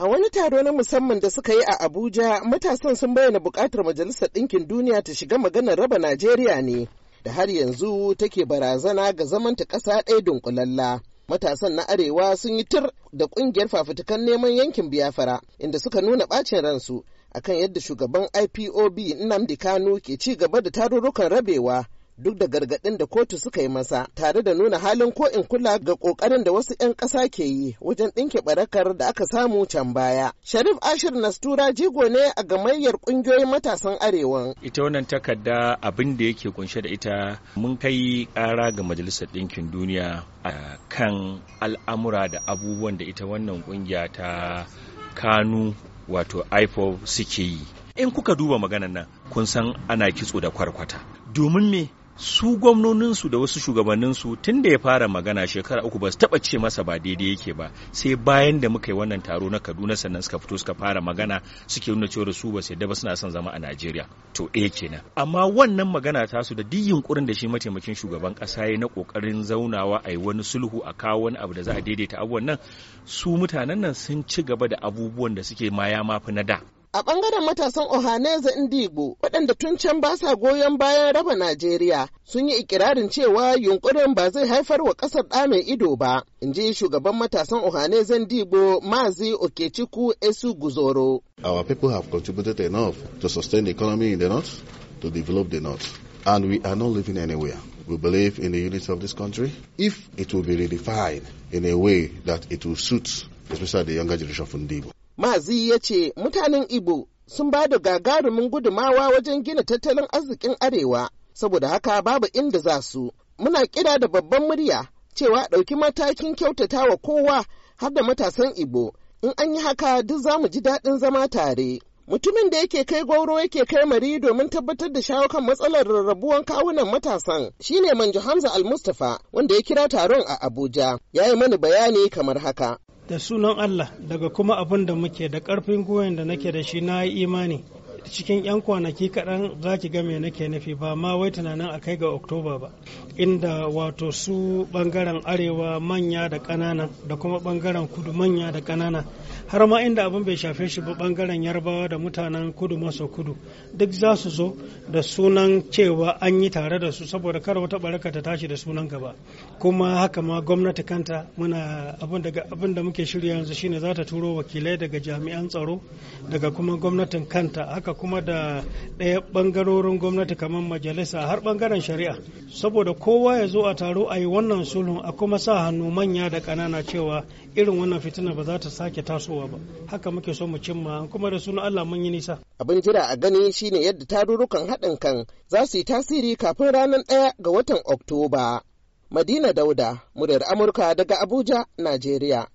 A wani taro na musamman da suka yi a Abuja, matasan sun bayyana buƙatar Majalisar Ɗinkin Duniya ta shiga maganar raba Najeriya ne, da har yanzu take barazana ga zaman ta ƙasa ɗaya dunkulalla. Matasan na Arewa sun yi tur da ƙungiyar fafutukan neman yankin Biafra, inda suka nuna ɓacin ransu akan yadda shugaban IPOB Nnamdi Kanu ke ci gaba da tarurrukan rabewa. duk da gargaɗin da kotu suka yi masa tare da nuna halin ko in kula ga ƙoƙarin da wasu 'yan ƙasa ke yi wajen ɗinke barakar da aka samu can baya. Sharif Ashir Nastura jigo ne a gamayyar ƙungiyoyin matasan arewa. Ita wannan takarda abin da yake kunshe da ita mun kai ƙara ga Majalisar Ɗinkin Duniya a kan al'amura da abubuwan da ita wannan ƙungiya ta Kanu wato IPOB suke yi. In kuka duba maganar nan kun san ana kitso da kwarkwata. Domin me su gwamnoninsu da wasu shugabanninsu tun da ya fara magana shekara uku ba su taba ce masa ba daidai yake ba sai bayan da muka yi wannan taro na kaduna sannan suka fito suka fara magana suke nuna cewa su ba su yadda ba suna son zama a najeriya to ɗaya eh kenan amma wannan magana tasu da duk yunkurin da shi mataimakin shugaban ƙasa ya na ƙoƙarin zaunawa a yi wani sulhu a kawo wani abu da za a daidaita abubuwan nan su mutanen nan sun ci gaba da abubuwan da suke ma ya mafi na da A ɓangaren matasan Ohaneze waɗanda tun can ba sa goyon bayan raba Najeriya, sun yi ikirarin cewa yunkurin ba zai haifar wa ƙasar ɗa mai ido ba, in ji shugaban matasan Ohaneze Mazi Esu Guzoro. Our people have contributed enough to sustain the economy in the north, to develop the north, and we are not living anywhere. We believe in the unity of this country. If it will be redefined in a way that it will suit, especially the younger generation of Ndibo. Mazi ya ce mutanen Ibo sun ba da gagarumin gudumawa wajen gina tattalin arzikin Arewa, saboda haka babu inda za su. Muna kira da babban murya cewa ɗauki matakin kyautata wa kowa har da matasan Ibo. In an yi haka duk za mu ji daɗin zama tare. Mutumin da yake kai gwauro yake kai mari domin tabbatar da shawo kan matsalar rarrabuwan kawunan matasan shine manjo Hamza Al-Mustapha wanda ya kira taron a Abuja. Ya yi mani bayani kamar haka. da sunan Allah daga kuma abin da muke da ƙarfin goyon da nake da shi na yi imani cikin 'yan kwanaki kaɗan za ki ga me nake nufi ba ma wai tunanin a kai ga oktoba ba inda wato su ɓangaren arewa manya da ƙanana da kuma ɓangaren kudu manya da ƙanana har ma inda abin bai shafe shi ba ɓangaren yarbawa da mutanen kudu maso kudu duk za su zo da sunan cewa an yi tare da su saboda kar wata baraka ta tashi da sunan gaba kuma haka ma gwamnati kanta muna abin da muke shirya yanzu shine za ta turo wakilai daga jami'an tsaro daga kuma gwamnatin kanta haka haka kuma da ɗaya ɓangarorin gwamnati kamar majalisa har ɓangaren shari'a saboda kowa ya zo a taro a yi wannan sulhun a kuma sa hannu manya da ƙanana cewa irin wannan fitina ba za ta sake tasowa ba haka muke so mu cimma kuma da sunan Allah mun yi nisa. Abin jira a gani shine yadda tarurrukan haɗin kan za su yi tasiri kafin ranar ɗaya ga watan Oktoba. Madina Dauda, muryar Amurka daga Abuja, Najeriya.